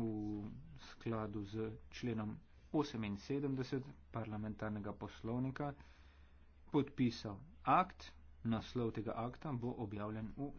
v skladu z členom 78 parlamentarnega poslovnika podpisal akt, naslov tega akta bo objavljen v